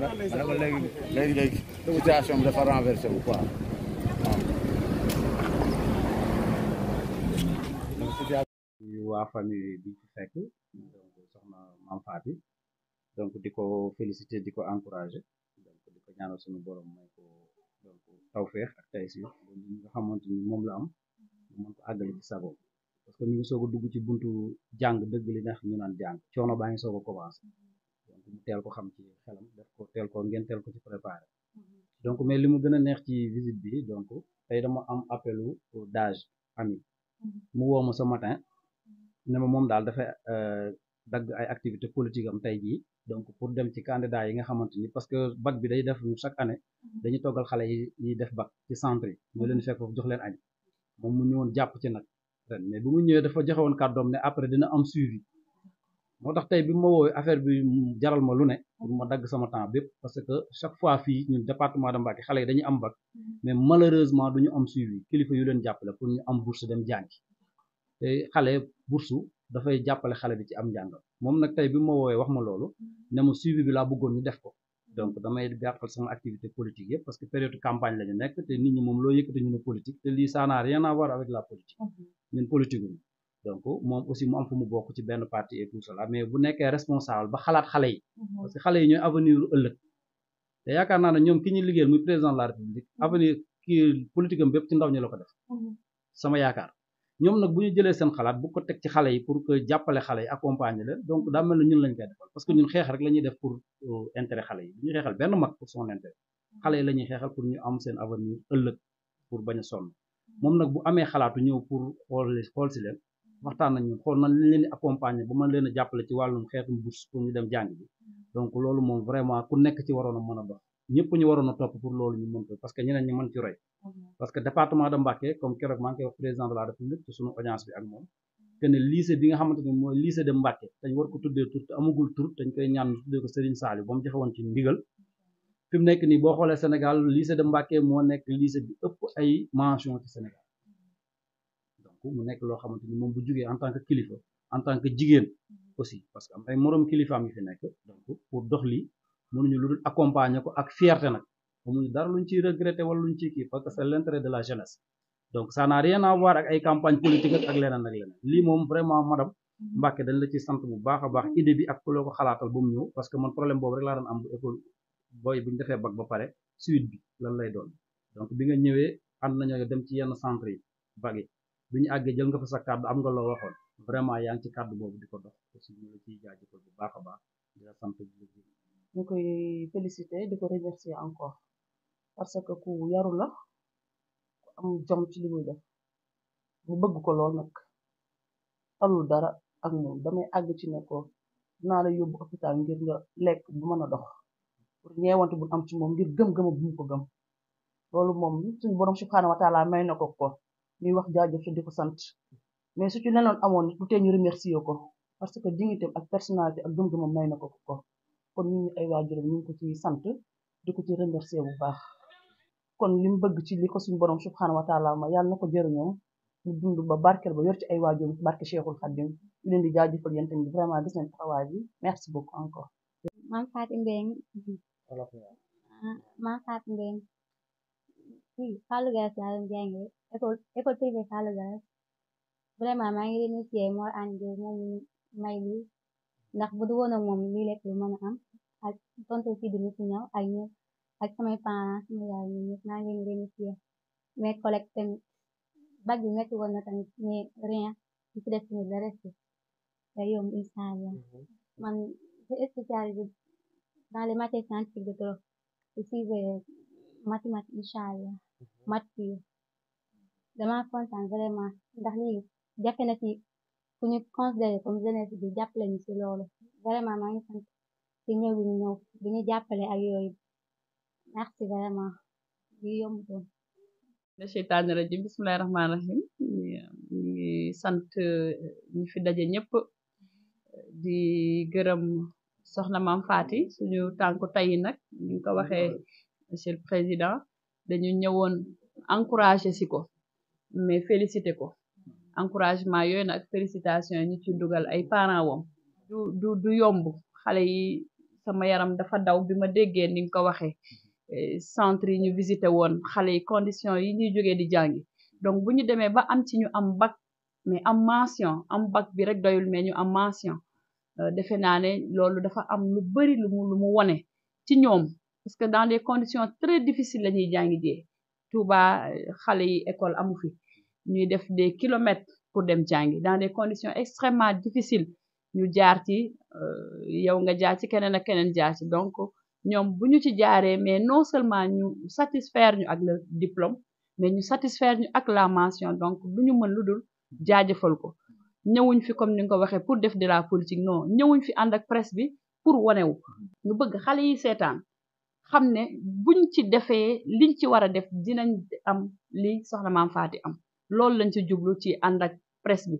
ma ne ko léegi léegi léegi situation bi dafa renversé wu waa famille bi ci fekk donc soxna Mame donc di ko félicité di ko encouragé donc di ko ñaanal suñu borom mooy ko donc tawféex ak taysiir ñi xamante ni moom la am mu ko àggali ci sago parce que ñu ngi soog a dugg ci buntu jàng dëgg li neex ñu naan jàng coono baa ngi soog a commencé mu teel ko xam ci xelam def ko teel ko ngeen teel ko ci préparé mhm. donc mais li mu gën a neex ci visite bi donc tey dama am appelu d'âge ami mhm. mu woo ma ce matin mhm. ne ma moom daal dafay euh, dagg ay activité politique am tey jii donc pour dem ci candidat yi nga xamante ni parce que bac bi day def chaque année dañuy toggal xale yi ñuy def bac ci centre yi ñoo leen fekk foofu jox leen añ moom mu ñëwoon jàpp ci nag ren mais bu mu ñëwee dafa joxewoon woon kàddoom ne après dina am suivi moo tax tey bi ma woowee affaire bi jaral ma lu ne pour ma dagg sama temps bépp parce que chaque fois fii ñu département de Mbacké xale yi dañu am bac mm-hmm. mais malheureusement du ñu am suivi kilifa yu leen jàppale pour ñu am bourse dem jàngi te xale bourse dafay jàppale xale bi ci am njàngam moom nag tey bi ma woowee wax ma loolu mm-hmm. ne ma suivi bi laa bëggoon ñu def ko donc damay gàttal sama activité politique yëpp parce que période campagne la nekk te nit loo yëkkati ñu ne politique te lii ça donc moom aussi mu am fu mu bokk ci benn parti et tout cela mais bu nekkee responsable ba xalaat xale yi. Mhm. parce que xale yi ñooy avenir lu ëllëg. te yaakaar naa ne ñoom ki ñu liggéeyal muy président de la république mhm. avenir kii politique bépp ci ndaw ñu la ko def. Mhm. sama yaakaar ñoom nag bu ñu jëlee seen xalaat bu ko teg ci xale yi pour que jàppale xale yi accompagner leen donc daa mel ñun lañ koy defal parce que ñun xeex rek la ñuy def pour euh, intérêt xale yi ñu xeexal benn mag pour son intérêt. xale yi la ñuy pour ñu am seen avenir ëllëg pour bañ a sonn moom nag bu amee xalaatu ñëw pour xool xool si leen waxtaan nañu xool man lañ leen di ba mën leen jàppale ci wàllum xeetum bourse pour ñu dem jàng bi donc loolu moom vraiment ku nekk ci waroon a mën a dox ñëpp ñu waroon a topp pour loolu ñu mën ko parce que ñeneen ñi mën ci roy mhm. parce que département de Mbacké comme keroog maa bi ne lycée bi nga xamante ne mooy lycée de Mbacké dañ war ko tuddee tur te amagul tur dañ koy ñaan tuddee ko Serigne Saliou ba mu joxe woon ci ndigal fi nekk nii boo xoolee Sénégal lycée moo nekk lycée bi ëpp ay ko mu nekk loo xamante ni moom bu jugee en tant que kilifa en tant que jigéen mm-hmm. aussi parce que am ay moroom kilifaam yu fi nekk donc pour dox lii mënuñu lu dul accompagner ko ak fierté nag amuñu dara luñ ciy regretter wala luñ ciy kii parce que c'est l'intérêt de la jeunesse donc ça n'a rien à voir ay campagne politique ak leneen ak leneen lii moom vraiment madame mm-hmm. Mbacke dañ la ci sant bu baax a baax mm-hmm. idée bi ak ku la ko xalaatal ba mu ñëw parce que man problème ba pare suite bi lan lay doon donc bi nga ñëwee ànd nañoo ci yenn centre yi bac bi ñu àggee jël nga fa am nga loo waxoon vraiment yaa ngi ci kàddu boobu di ko dox aussi ñu la ciy baax a baax di sant di la ñu koy féliciter di ko remercier encore parce que ku yaru la ku am jom ci li muy def mu bëgg ko lool nag talul dara ak da damay àgg ci ne ko dinaa la yóbbu hôpital ngir nga lekk bu mën a dox pour ñeewante bu am ci moom ngir gëm-gëma bu mu ko gëm loolu moom suñu borom subhanahu wa taala may na ko ñuy wax jaajëf te di ko sant mais su ci nenoon amoon du tee ñu remercier ko parce que dignité ak personnalité ak gëm-gëmam may na ko ko kon ñun ñu ay waajuram ñu ngi ko ci ko ci remercier bu baax kon li mu bëgg ci li ko suñu borom subhanahu wa taala ma yàlla na ko jëriñoo ñu dund ba barkeel ba yor ci ay waajuram barke Cheikhul Khadim ñu leen di jaajëfal yéen tamit vraiment gis nañ taxawaay bi merci beaucoup encore. Mame Faty Mbengue. Ah, Mame Faty Mbengue. oui Fallou Galass laa doon jàngee école école privée Fallou maa ngi remercier Mor Ane Gueye moom ndax bu du woon ak moom lii a am ak tonton Sidi mi ci ak samay parents sama yaay ñoom ñëpp maa ngi leen remercier mes collègues tamit bac bi métti woon day yomb incha allah man j'ai spécialisé dans les allah Matthew dama kontaan vraiment ndax lii jafe na ci ku ñu considéré comme jeunesse bi jàppale ñu ci loolu vraiment maa ngi di ñu jàppale ak yooyu vraiment li yombutoon na ñu ngi sant eh, ñi fi daje ñëpp di gërëm soxna maam Faty suñu tànku tey nag ñu ko waxee monsieur le dañu ñëwoon encouragé si ko mais félicité ko encouragement yooyu nag félicitation yi ñu ci dugal ay parents wom du du yomb xale yi sama yaram dafa daw bi ma déggee ni nga ko waxee eh, centre yi ñu visité woon xale yi condition yi ñuy jógee di jàngi donc bu ñu demee ba am ci ñu am bac mais am mention am bac bi rek doyul mais ñu am mention euh, defe naa ne loolu dafa am lu bari lu mu lu mu wone ci ñoom parce que dans des conditions très difficiles la ñuy jàngi jee Touba xale yi école amu fi ñuy def des kilomètres pour dem jàngi dans des conditions extrêmement difficiles ñu jaar ci euh, yow nga jaar ci keneen ak keneen jaar ci donc ñoom bu ñu ci jaaree mais non seulement ñu satisfaire ñu ak le diplôme mais ñu satisfaire ñu ak la mention donc du ñu mën lu dul jaajëfal ko ñëwuñ fi comme ni nga ko waxee pour def de la politique non ñëwuñ fi ànd ak presse bi pour wanewu ñu bëgg xale yi seetaan xam ne buñ ci defee liñ ci war a def dinañ am li soxla maam faati am loolu lañ ci jublu ci ànd ak presse bi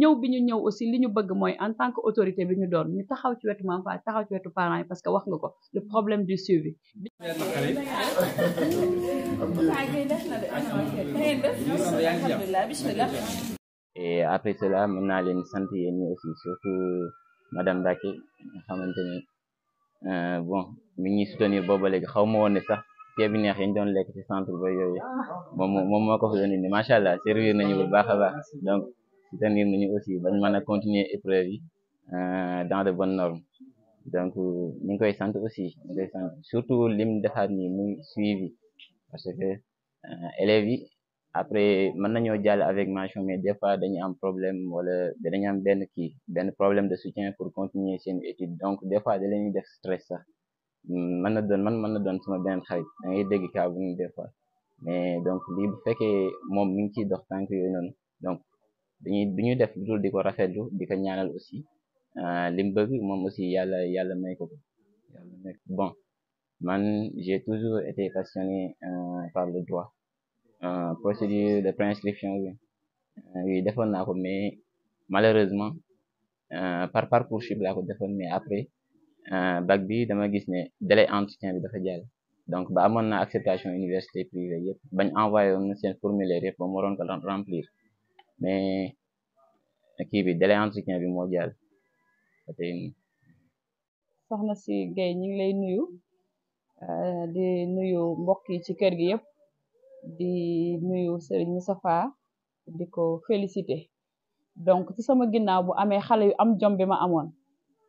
ñëw bi ñu ñëw aussi li ñu bëgg mooy en tant que autorité bi ñu doon ñu taxaw ci wetu maam taxaw ci wetu parents yi parce que wax nga ko le problème du suivi et après cela mën naa leen sant yéen ñi aussi surtout madame Bakke nga xamante Euh, bon mi ñuy soutenir booba léegi xaw ma woon ne sax ceeb bi neex yi ñu doon lekk ci centre ba yooyu moom moom moo ko fa doon indi macha servir nañu bu baax a baax donc soutenir nañu aussi bañ mën a continuer épreuve yi euh, dans de bonnes normes donc euh, ñu ngi koy sant aussi ñu ngi koy sant surtout lim defaat nii muy suivi parce que élèves yi. après mën nañoo jàll avec mention mais des fois dañu am problème wala dañu am benn kii benn problème de soutien pour continuer seen étude donc des fois da leen def stress sa mën na doon man mën na doon sama benn xarit da ngay dégg kaa bu des fois mais donc lii bu fekkee moom mi ngi ciy dox tànk yooyu donc dañuy du ñuy def lu di ko rafetlu di ko ñaanal aussi euh, li mu bëgg moom aussi yàlla yàlla may ko ko yàlla may ko bon man j'ai toujours été passionné euh, par le droit Ah, procédure de préinscription bi ah, oui defoon naa ko mais malheureusement ah, par Parcoursup laa ko defoon mais après bac bi dama gis ne délai entretien bi dafa jàll donc ba amoon na acceptation université privée yëpp bañ envoyé woon seen formulaire yëpp ba ma waroon ko remplir mais kii bi délai entretien bi moo jàll tey soxna si Gaye ñu lay nuyu di nuyu mbokk yi ci kër gi yëpp di nuyu Serigne Moustapha di ko félicité donc ci sama ginnaaw bu amee xale yu am jom bi ma amoon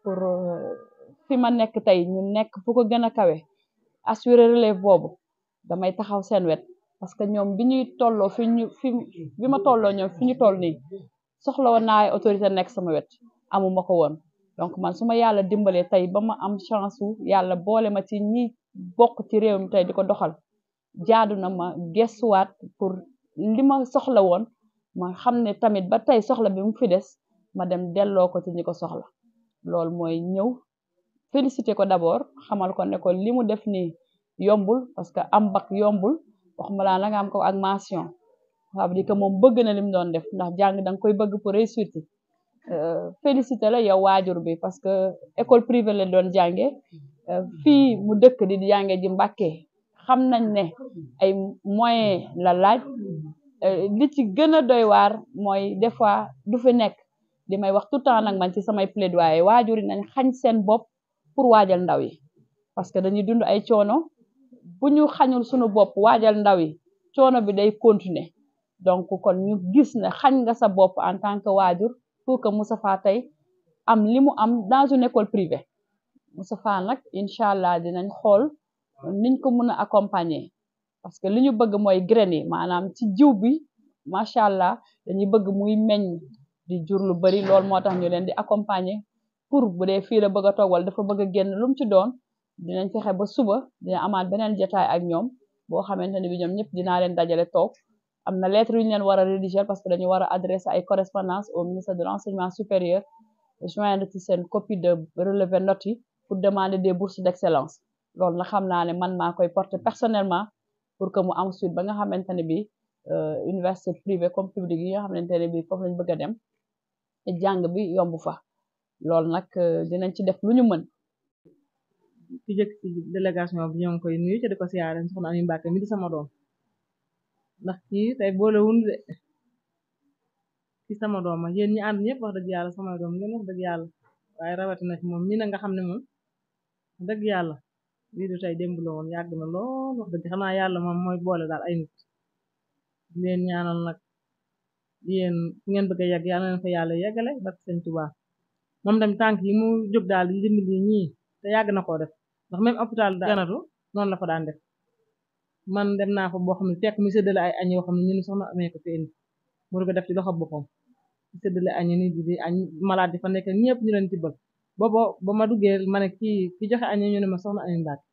pour euh, fi ma nekk tey ñu nekk fu ko gën a kawe assuré relève boobu damay taxaw seen wet parce que ñoom bi ñuy tolloo fi ñu fi bi ma tolloo ñoom fi ñu toll nii soxla woon naa autorité nekk sama wet amuma ko woon donc man suma yàlla dimbalee tey ba ma am chance wu yàlla boole ma ci ñi bokk ci réew mi tey di ko doxal jaadu na ma gestuwaat pour li ma soxla woon ma xam ne tamit ba tey soxla bi mu des ma dem delloo ko ci ñi ko soxla loolu mooy ñëw félicité ko d'abord xamal ko ne ko li mu def nii yombul parce que am bac yombul wax ma laa la nga am ko ak mention ça veut dire que moom bëgg na lim doon def ndax jàng da nga koy bëgg pour réussir euh, félicité la yow waajur bi parce que école privée la doon jànge euh, fii mu dëkk di jànge ji Mbàkke xam nañ ne ay moyens la laaj euh, li ci gën a doy waar mooy des fois du fi nekk di may wax tout temps nag man ci samay plaidoyer waajur yi nañ xañ seen bopp pour waajal ndaw yi parce que dañuy dund ay coono bu ñu xañul suñu bopp waajal ndaw yi coono bi day continuer donc kon ñu gis ne xañ nga sa bopp en tant que waajur pour que faa tey am li mu am dans une école privée Moustapha nag incha allah dinañ xool niñ ko mën a accompagner parce que li ñu bëgg mooy graines yi maanaam ci jiw bi macha allah dañuy bëgg muy meññ di jour lu bari lool moo tax ñu leen di accompagner pour bu dee fii la bëgg a toggal dafa bëgg a génn lu mu ci doon dinañ fexe ba suba dina amaat beneen jotaay ak ñoom boo xamante ne bi ñoom ñëpp dinaa leen dajale toog am na lettre yu ñu leen war parce que dañu war a adresser ay correspondance au ministre de l'enseignement supérieur joindre ci seen copie de relevé yi pour demander des bourses d'excellence loolu na xam naa ne man maa koy porter personnellement pour que mu am suite ba nga xamante ne bi euh, université privée comme publique yi nga xamante ne bi foofu lañ bëgg a dem jàng bi yomb fa loolu nag euh, dinañ ci def lu ñu mën ci jëkk ci délégation bi ñoo koy nuyu ca di ko siyaare soxna Amy Mbacké mi di sama doom ndax kii tey boolewun de ci sama doom ma yéen ñi ànd ñëpp wax dëgg yàlla sama doom ngeen wax dëgg yàlla waaye rawatina ci moom mii na nga xam ne moom dëgg yàlla lii du tey démb la woon yàgg na lool wax dëgg xanaa yàlla moom mooy boole daal ay nit di leen ñaanal nag yéen fi ngeen bëgg yegg yàlla leen fa yàlla yeggale barke sëñ Tuubaa moom tamit tànk yi mu jóg daal di dimbali ñii te yàgg na koo def ndax même hôpital ganatu noonu la daan def man dem naa fa boo xam ne fekk mu séddale ay añ yoo xam ne ñun soxna amee ko fi mu ko def ci loxo boppam séddale añ ni di añ malade yi fa nekk ñëpp ñu leen tibbal booba ba ma duggee ma ne kii ki joxe añ ñu ne ma soxna Amy Mbacke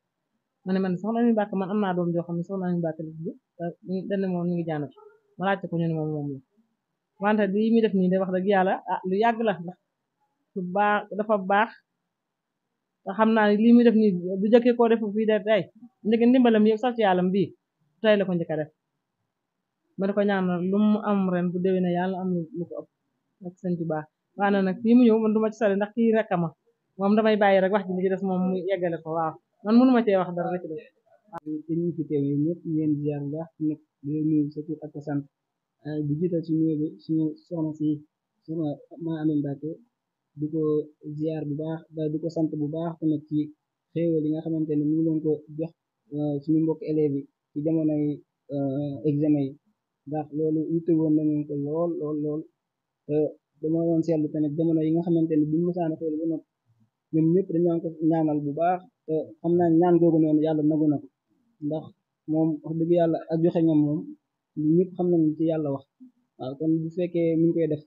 ma ne man soxna Amy Mbacke man am naa doom joo xam ne soxna Amy Mbacke la tudd dañ ngi jaanatu ko ñu ne moom moom la wante def nii de wax dëgg yàlla ah, lu yàgg la ndax lu baax dafa baax te xam naa ne lii muy def ni du jëkkee koo def fii de tey ndeke ndimbalam yëpp sax ci yàllam bii la ko njëkk a def ma di ko ñaanal lu mu am ren bu déwénee yàlla am lu ko ëpp ak bu baax waaw nag fii mu ñëw man du ma ci sori ndax kii rek ma moom damay bàyyi rek wax ji li ci des moom mu yeggale ko waaw man mënu ma cee wax dara la ci des. dañuy fi teew yéen ñëpp ngeen ziar baax nekk di sa sant eh, di jiital ci si soxna maa Amy Mbacke di bu baax di ko sant bu baax tamit ci xéewal nga xamante ne mu ngi leen ko jox eh, suñu mbokk élèves yi ci yi eh, examen yi ndax loolu yitte woon nañu ko lool lool lool. dama doon seetlu tamit jamono yi nga xamante ni buñu mësaan a xéwlu ba noppi ñoom ñëpp dañoo ko ñaanal bu baax te xam naa ñaan googu noonu yàlla nagu na ko ndax moom dëgg yàlla ak joxe ñam moom ñun ñëpp xam nañu ci yàlla wax waaw kon bu fekkee mi ngi koy def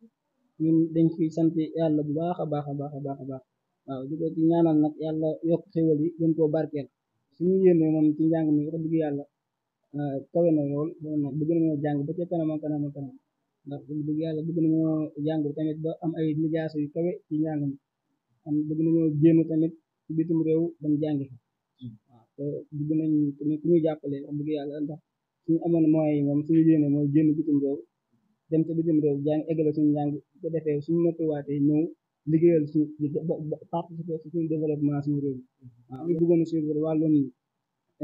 ñun dañ ciy sant yàlla bu baax a baax a baax a baax a baax waaw di ko ci ñaanal nag yàlla yokk xéwal yi gën koo barkeel suñu yéene moom ci njàng mi wax dëgg yàlla ah, kawe na lool loolu nag a nañoo jàng ba ca kanam kanam kanam ndax wax dëgg yàlla bëgg nañoo jàng tamit ba am ay lijaasa yu kawe ci njàng mi am bëgg nañoo génn tamit ci bitim réew dem jàngi fa waaw te bëgg nañ ku ñu jàppale wax dëgg yàlla ndax suñu amoon moyens yi moom si yéene moo génn bitim réew dem te bitim réew jàng eggale suñu njàng bu defee suñu noppiwaatee ñëw liggéeyal suñu participer ci suñu développement suñu réew waaw ñu bëggoon suivre wàllum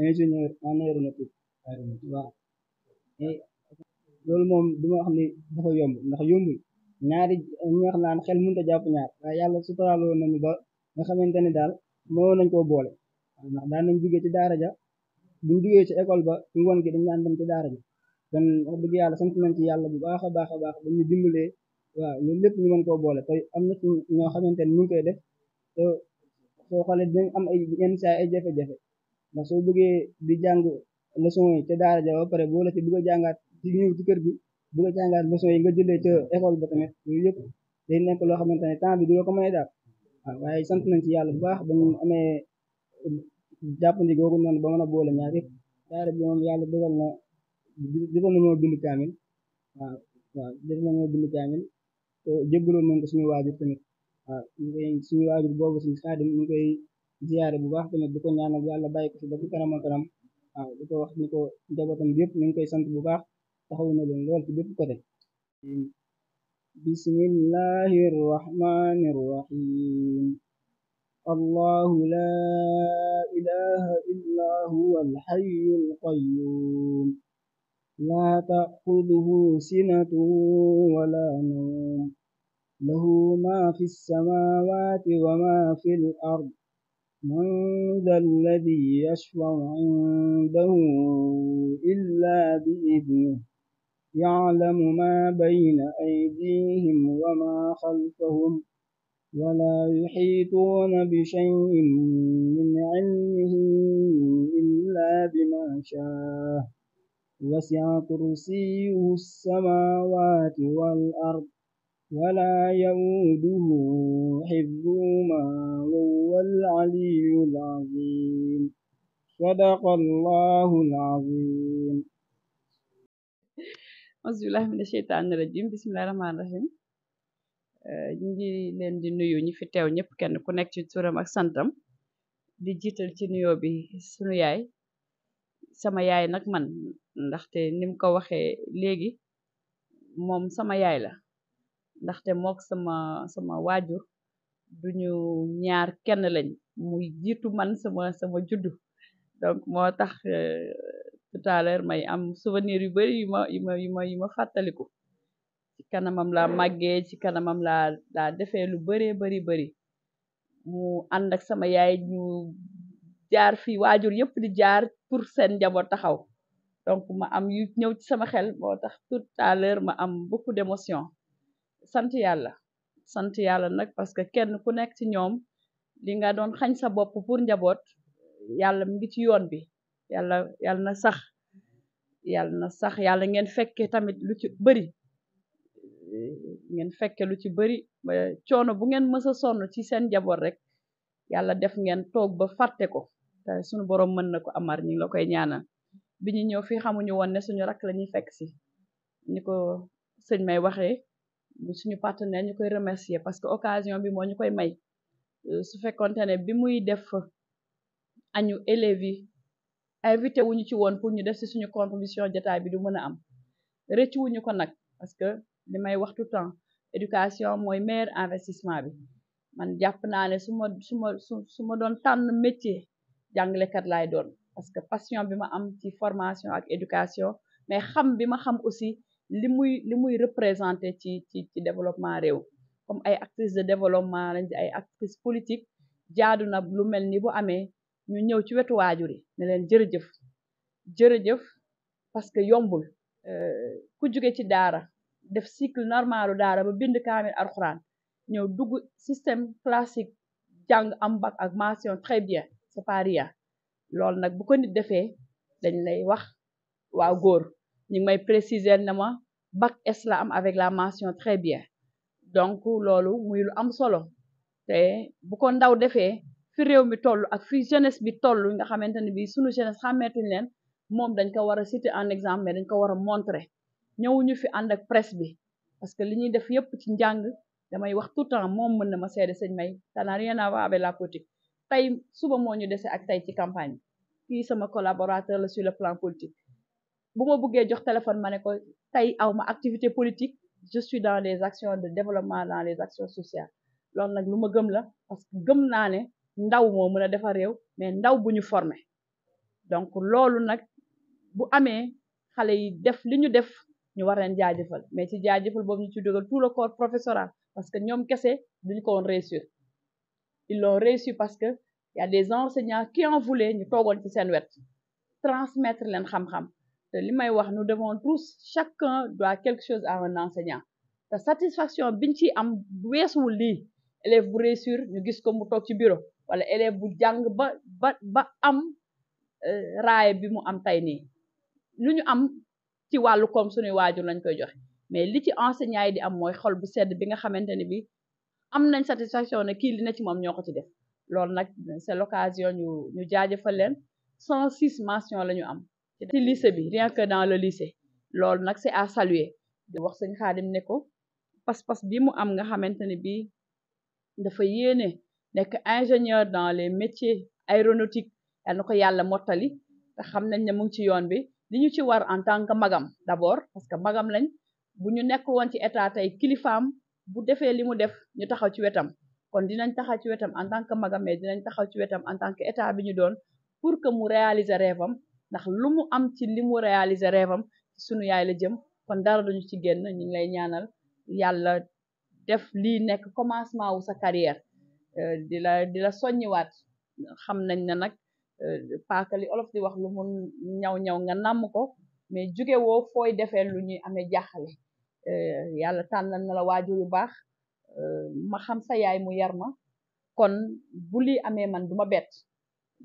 ingénieur en aéronautique waaw loolu moom duma wax ni dafa yomb ndax yombul ñaari ñu wax naan xel mënut jàpp ñaar waaye yàlla suturaaloo nañu ba nga xamante daal mënoon nañ koo boole ndax daan nañ jugee ci daara ja buñ jugee ci école ba ngoon gi dañ daan dem ci daara ja kon wax dëgg yàlla sant nañ ci yàlla bu baax a baax a baax ba ñu dimbalee waaw loolu lépp ñu mën koo boole te am na ci ñoo xamante ne ñu ngi koy def te soo xoolee dinañ am ay yenn saa ay jafe-jafe ndax soo bëggee di jàng leçon yi ca daara ja ba pare boo la ci bëgg jàngaat ci ñëw ci kër gi bëgg a jàngaat yi nga jëlee ca école ba tamit yooyu yëpp nekk loo xamante ne temps bi du la waaye sant nañ ci yàlla bu baax ba ñu amee jàppandi googu noonu ba mën ñaar yëpp daara bi moom yàlla dogal na jotoon nañoo bind kaamil waaw waaw suñu waajur tamit waaw ñu koy suñu waajur boobu suñu bu baax tamit di ko ñaanal ci kanam wax ni ko njabootam ñu ngi koy sant bu baax taxawu na leen lool ci bépp côté bismillahi irrahmani irrahim allahu laa ilaha illa huwa alxayu alqayuum laa taxuduhu sinatu wala nawm lahu maa fi lsamawati wa maa fi l ard man da alladi yashfau cindahu illa biidnih يعلم ما بين أيديهم وما خلفهم ولا يحيطون بشيء من علمه إلا بما شاء وسع كرسيه السماوات والأرض ولا يؤوده حفظهما وهو العلي العظيم صدق الله العظيم asbillahi mina sheytaani rajim bismillahi rahmaani rahim euh, ñu ngi leen di nuyu ñi fi teew ñëpp kenn ku nekk ci turam ak santam di jiital ci nuyo bi sunu yaay sama yaay nag man ndaxte ni mu ko waxee léegi moom sama yaay la ndaxte mook sama sama waajur ñu ñaar kenn lañ muy jiitu man sama sama juddu donc moo tax euh, tout à l'heure may am souvenir yu bari yu ma yu ma yu ma yu ma fàttaliku ci kanamam laa màggee ci kanamam la laa defee lu bëree bari bari mu ànd ak sama yaay ñu jaar fi waajur yëpp di jaar pour seen njaboot taxaw donc ma am yu ñëw ci sama xel moo tax tout à ma am beaucoup d'émotion sant yàlla sant yàlla nag parce que kenn ku nekk ci ñoom li nga doon xañ sa bopp pour njaboot yàlla mi ci yoon bi yàlla yàlla na sax yàlla na sax yàlla ngeen fekke tamit lu ci bëri ngeen fekke ci bëri coono bu ngeen mës a sonn ci seen njaboot rek yàlla def ngeen toog ba fàtte ko te suñu borom mën na ko amar ñu ngi la koy ñaanal bi ñu ñëw fii xamuñu woon ne suñu rak la ñuy fekk si ñu ko sëñ may waxee suñu partenaire ñu koy remercier parce que occasion bi moo ñu koy may su fekkonte ne bi muy def añu élèves invité wuñu ci woon pour ñu def si suñu contribution jotaay bi du mën a am rëccu wuñu ko nag parce que li may wax tout temps éducation mooy maire investissement bi man jàpp naa ne su ma su ma su ma doon tànn métier jàngalekat laay doon parce que passion bi ma am ci formation ak éducation mais xam bi ma xam aussi li muy li muy représenté ci ci ci développement réew comme ay actrices de développement lañ ay actrices politiques jaadu na lu mel ni bu amee ñu ñëw ci wetu waajur yi ne leen jërëjëf jërëjëf parce que yombul euh, ku jóge ci daara def cycle normalu daara ba bind kaamil alxuraan ñëw dugg système classique jàng am bac ak mention très bien c'est pas rien loolu nag bu ko nit defee dañ lay wax waa góor ñu ngi may préciser na ma bac S la am avec la mention très bien donc loolu muy am solo te bu ko ndaw defee fi réew mi toll ak fi jeunesse bi toll nga xamante ne bii sunu jeunesse xàmmeetuñ leen moom dañ ko war a citer en exemple mais dañ ko war a montrer ñëwuñu fi ànd ak presse bi parce que li ñuy def yépp ci njàng damay wax tout temps moom mën na ma seede sëñ may ça n'a rien à voir la politique tey suba moo ñu dese ak tey ci campagne bi sama collaborateur la sur le plan politique bu ma bëggee jox téléphone ma ne ko tey aw ma activité politique je suis dans les de développement dans les actions sociales ndaw moo mën a defar réew mais ndaw bu ñu formé donc loolu nag bu amee xale yi def li ñu def ñu war leen jaajëfal mais ci jaajëfal boobu ñu ci dugal tout le corps professoral parce que ñoom kese duñ ko woon réussir ils l'ont réussi parce que y a des enseignants qui en ñu toogoon ci seen wet transmettre leen xam-xam te li may wax nous devons tous chacun doit quelque chose à un enseignant te satisfaction biñ ciy am weesuwul lii élève bu réussir ñu gis ko mu toog ci bureau wala élève bu jàng ba ba ba am euh, raaye bi mu am tey nii lu ñu am ci wàllu koom suñuy waajur lañ koy joxe mais li ci enseignant yi di am mooy xol bu sedd bi nga xamante ne bi am nañ satisfaction ne kii li na ci moom ñoo ko ci def loolu nag c'est l'occasion ñu ñu jaajëfal leen cent six mentions la ñu am ci lycée bi rien que dans le lycée loolu nag c'est à saluer di wax sëñ Xaadim ne ko pas-pas bi mu am nga xamante ne bi dafa yéene nekk ingénieur dans les métiers aéronautiques yal na ko yàlla mottali xam nañ ne mu ngi ci yoon bi li ñu ci war en tant que magam d'abord parce que magam lañ bu ñu nekk woon ci état tey kilifaam bu defee li mu def ñu taxaw ci wetam kon dinañ taxaw ci wetam en tant que magam mais dinañ taxaw ci wetam en tant que état bi ñu doon pour que mu réaliser rêvam ndax lu mu am ci li mu réaliser rêvam ci sunu yaay jëm kon dara duñu ci génn ñu ngi lay ñaanal yàlla def lii nekk commencement wu sa Euh, di la di la soññiwaat xam nañ ne nag euh, paaka li olof di wax lu mu ñaw ñaw nga nàmm ko mais jóge woo fooy defee lu ñuy amee jaaxale euh, yàlla tànnal na la waajur yu baax ma xam sa yaay mu yar ma kon bu lii amee man duma bett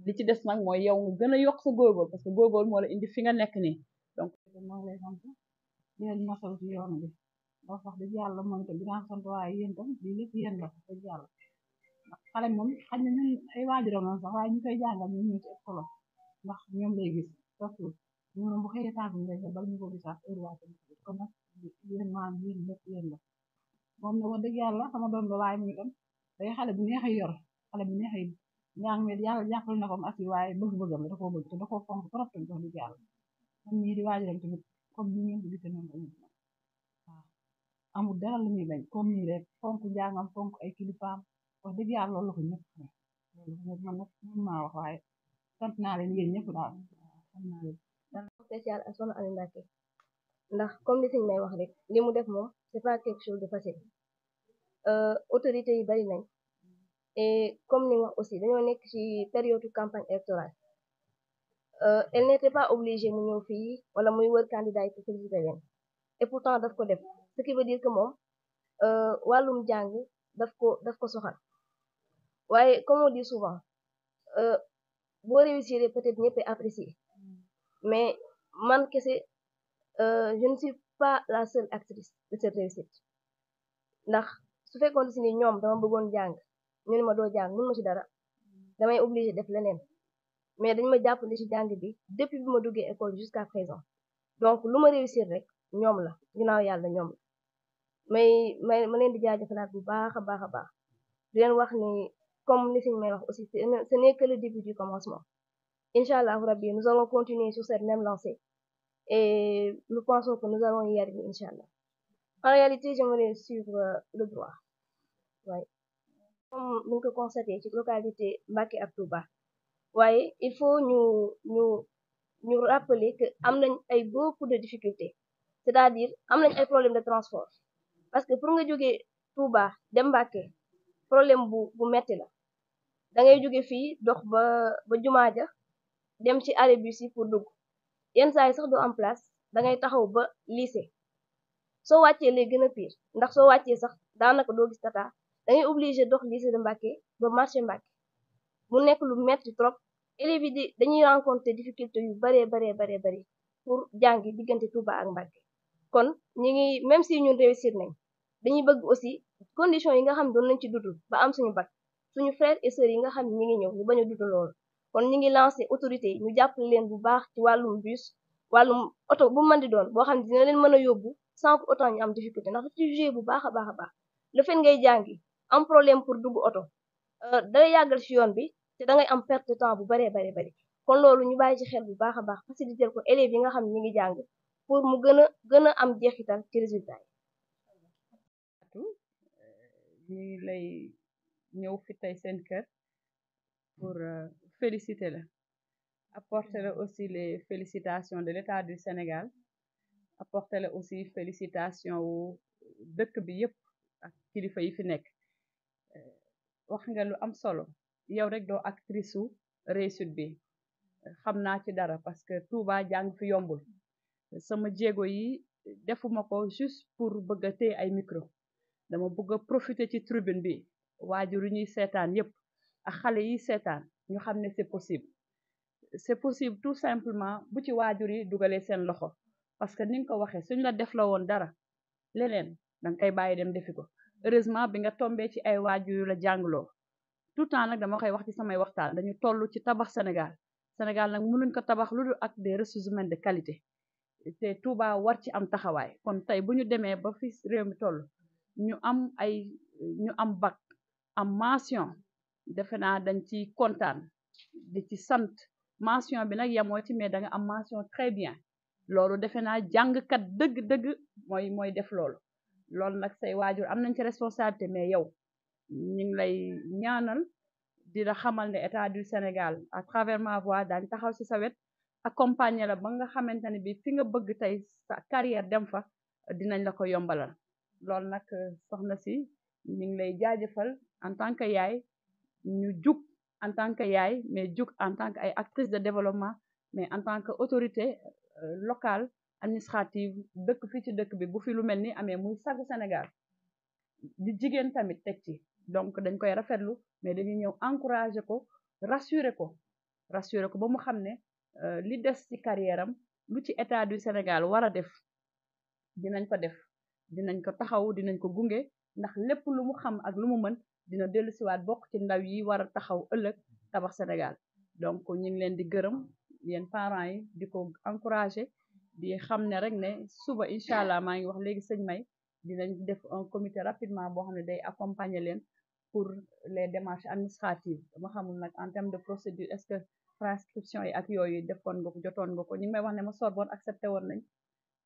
li ci des nag mooy yow nga gën a yokk sa góorgóor parce moo la indi fi nga nekk nii donc maa yoon bi ndax xale moom xaj na ñun ay waajuram noonu sax waaye ñu koy jàngal ñun ñoo ndax ñoom lay gis surtout ñu moom bu xëy retaan ñu dëgg yàlla sama doom la waaye muy tam bu neex a yor xale bu neex yàlla jàppal ko mu assi waaye bëgg-bëggam la da koo bëgg te da koo fonk trop di waajuram tamit comme ni ngeen lu muy bañ comme nii rek fonk njàngam fonk ay kilifaam wax dëgg yàlla loolu ko ñëpp xam loolu man nag mun maa wax waaye sant naa leen yéen ndax comme li sëñ may wax rek li mu def moom c'est pas quelque chose de facile euh, autorités yi bari nañ et comme ni wax aussi dañoo nekk ci période campagne électorale euh, elle n'était pas obligée mu ñëw fii wala muy wër candidat yi pour féliciter leen et pourtant daf ko def ce qui veut dire que moom euh, wàllum jàng daf ko daf ko soxal waaye comme di souvent souvent euh, boo réussir peut-être ñëpp apprécier mais man kese euh, je ne suis pas la seule actrice de cette réussite ndax su fekkoon si ni ñoom dama bëggoon jàng ñu ne ma doo jàng ma ci dara damay obligé def leneen mais dañ ma jàppale ci jàng bi dépuis bi ma duggee école jusqu'à présent donc lu ma réussir rek ñoom la ginnaaw yàlla ñoom la may may ma leen di jaajëfalaat bu baax a baax a baax di leen comme li suñ may wax aussi ce n'est que le début du commencement Inch'Allah Rabbi nous allons continuer sur cette même lancée et nous pensons que nous allons y arriver Inch'Allah en réalité j'aimerais suivre euh, le droit waaye comme ni ñu ko constaté ci localité Mbacké ak Touba waaye il faut ñu ñu ñu rappeler que am nañ ay beaucoup de difficultés c'est-à-dire am nañ problème de transport parce que pour nga jógee Touba dem Mbacké problème bu bu metti da ngay jóge fii dox ba ba jumaa dem ci arrêt bus yi pour dugg yenn saa yi sax doo am place da ngay taxaw ba lycée soo wàccee lay gën a pire ndax soo wàccee sax daanaka doo gis tata da ngay obligé dox lycée de Mbacké ba marché Mbacké mu nekk lu metti trop élèves di dañuy rencontrer difficulté yu baree baree bare bari pour jàngi diggante Touba ak Mbacké kon ñi ngi même si ñun réussir nañ dañuy bëgg aussi condition yi nga xam ne doon nañ ci dudul ba am suñu bac suñu frères et yi nga xam ne ñu ngi ñëw ñu bañ a dudd loolu kon ñu ngi lancé autorité yi ñu jàppale leen bu baax ci wàllum bus wàllum oto bu mën di doon boo xam ne dina leen mën a yóbbu sans que autant ñu am difficulté ndax daf ci joué bu baax a baax a baax le fait ngay jàngi am problème pour dugg oto euh, day yàggal ci yoon bi te da ngay am perte temps bu baree baree bari kon loolu ñu bàyyi ci xel bu baax a baax faciliter ko élèves yi nga xam ne ngi jàng pour mu gën a gën a am jeexital ci résultat yi. Euh, ñu ñëw fi tey seen kër pour euh, félicité la apporter la aussi les félicitations de l'État du Sénégal apporter la aussi félicitation wu dëkk bi yëpp ak kilifa yi fi nekk euh, wax nga lu am solo yow rek doo actrice wu réussite bi xam naa ci dara parce que tout ba jàng fi yombul sama jéego yi defuma ko juste pour bëgg a ay micro dama bëgg a ci tribune bi waajur ñuy seetaan yëpp ak xale yi seetaan ñu xam ne c'est possible c'est possible tout simplement bu ci waajur yi dugalee seen loxo parce que ni ko waxee suñ la def la woon dara leneen danga koy bàyyi dem defi ko heureusement bi nga tombee ci ay waajur yu la jàngloo tout temps nag dama koy wax ci samay waxtaan dañu toll ci tabax Sénégal Sénégal nag mu mënuñ ko tabax lu dul ak des ressources humaines de qualité te Touba war ci am taxawaay kon tey bu ñu demee ba am mention defe naa dañ ci kontaan di ci sant mention bi nag yemoo ci mais da nga am mention très bien loolu defe naa jàngkat dëgg-dëgg mooy mooy def loolu loolu nag say waajur am nañ ci responsabilité mais yow ñu ngi lay ñaanal di la xamal ne état du Sénégal à travers ma voix daañ taxaw si sa wet accompagner la ba nga xamante ne bi fi nga bëgg tey sa carrière dem fa dinañ la ko yombalal nag soxna si ñu ngi lay jaajëfal en tant que yaay ñu jug en tant que yaay mais jug en tant que ay actrice de développement mais en tant que autorité euh, locale administrative dëkk fii ci dëkk bi bu fi lu mel ni amee muy sagu Sénégal di jigéen tamit teg ci donc dañ koy rafetlu mais dañuy ñëw encourager ko rassurer ko rassurer ko ba mu xam ne euh, li des ci carrière lu ci état du Sénégal war a def dinañ ko def dinañ ko taxawu dinañ ko gunge ndax lépp lu mu xam ak lu mu mën dina dellu siwaat bokk ci ndaw yi war a taxaw ëllëg tabax Sénégal donc ñu ngi leen di gërëm yéen parents yi di ko encouragé di xam ne rek ne suba incha allah maa ngi wax léegi sëñ May dinañ def un comité rapidement boo xam ne day accompagner leen pour les démarches administratives dama xamul nag en terme de procédure est-ce que transcription yi ak yooyu defoon nga ko jotoon nga ko ñu ngi may wax ne ma Sorbonne accepté woon nañ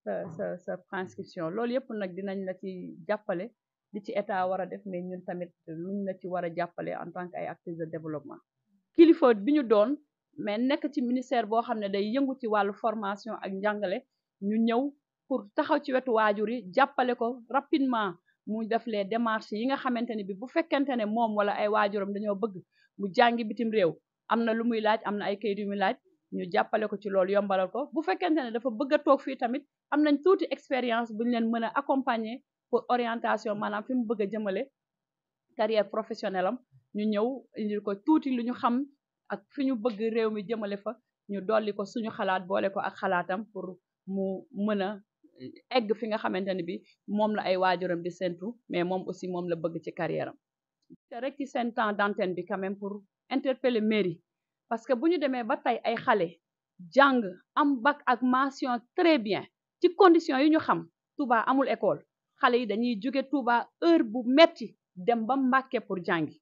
sa sa sa transcription loolu yëpp nag dinañ la ci jàppale li ci état war def mais ñun tamit luñ la ci war a jàppale en tant que ay acteurs de développement kilifa bi ñu doon mais nekk ci ministère boo xam ne day yëngu ci wàllu formation ak njàngale ñu ñëw pour taxaw ci wetu waajur yi jàppale ko rapidement mu def les démarches yi nga xamante ne bi bu fekkente ne moom wala ay waajuram dañoo bëgg mu jàngi bitim réew am na lu muy laaj am na ay kayit yu muy laaj ñu jàppale ko ci loolu yombalal ko bu fekkente buñ leen mën accompagner pour orientation maanaam fi mu bëgg a jëmale carrière professionnelle ñu ñëw indil ko tuuti lu ñu xam ak fi ñu bëgg réew mi jëmale fa ñu dolli ko suñu xalaat boole ko ak xalaatam pour mu mën a egg fi nga xamante ne bi moom la ay waajuram di séntu mais moom aussi moom la bëgg ci carrière am te rek ci seen temps d'antenne bi quand même pour interpeller mairie parce que bu ñu demee ba tey ay xale jàng am bac ak mention très bien ci condition yu ñu xam Touba amul école xale yi dañuy jóge Touba heure bu metti dem ba Mbàkke pour jàngi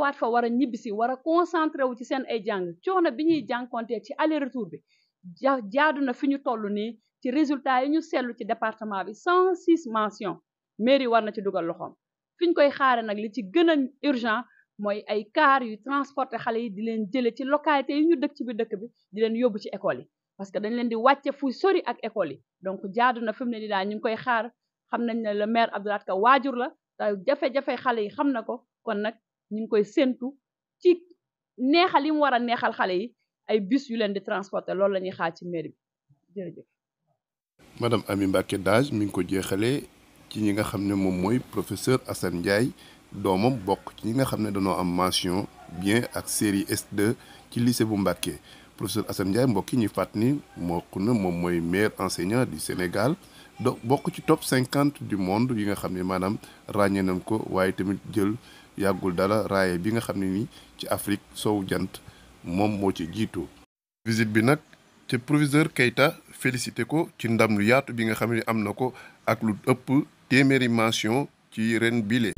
waat fa war a ñibbisi war a concentré wu ci seen ay jàng coono bi ñuy jànkontee ci aller retour bi ja jaadu na fi ñu toll nii ci résultat yi ñu seetlu ci département bi cent six mentions mairie war na ci dugal loxoom fi ñu koy xaare nag li ci gën a urgent mooy ay car yu transporter xale yi di leen jële ci localité yi ñu dëkk ci bi dëkk bi di leen yóbbu ci école yi parce que dañ leen di ak école yi ñu ngi koy xaar xam nañ ne le maire Abdou Lahad waajur la te xale yi xam na ko kon nag ñu ngi koy séntu ci neexal yi mu war a neexal xale yi ay bus yu leen di transporter loolu la ñuy xaar ci mairie bi jërëjëf. madame Amy Dage mi ngi ko jeexalee ci ñi nga xam ne moom mooy professeur Assane Ndiaye doomam bokk ci ñi nga xam ne dañoo am mention bien ak série s ci lycée bu Mbacké professeur Assane Ndiaye mbokk yi ñu fàttali ni mbokk na moom mooy maire enseignant du Sénégal. donc bokk ci top cinquante du monde yi nga xam ni maanaam ràññee nañ ko waaye tamit jël yàggul dara raaye bi nga xam ne ni ci Afrique sow jant moom moo ci jiitu. visite bi nag ca proviseur Keita félicité ko ci ndam lu yaatu bi nga xam ni am na ko ak lu ëpp téeméeri mention ci ren bile.